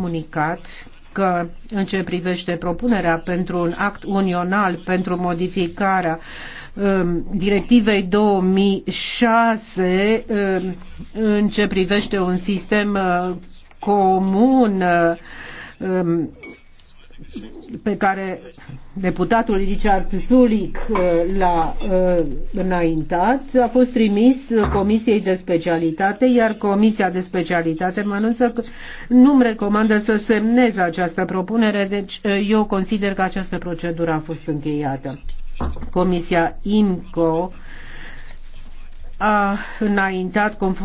comunicat că în ce privește propunerea pentru un act unional pentru modificarea um, directivei 2006 um, în ce privește un sistem uh, comun um, pe care deputatul Richard Zulic uh, l-a uh, înaintat a fost trimis Comisiei de Specialitate, iar Comisia de Specialitate mă anunță că nu-mi recomandă să semnez această propunere, deci uh, eu consider că această procedură a fost încheiată. Comisia IMCO a înaintat conform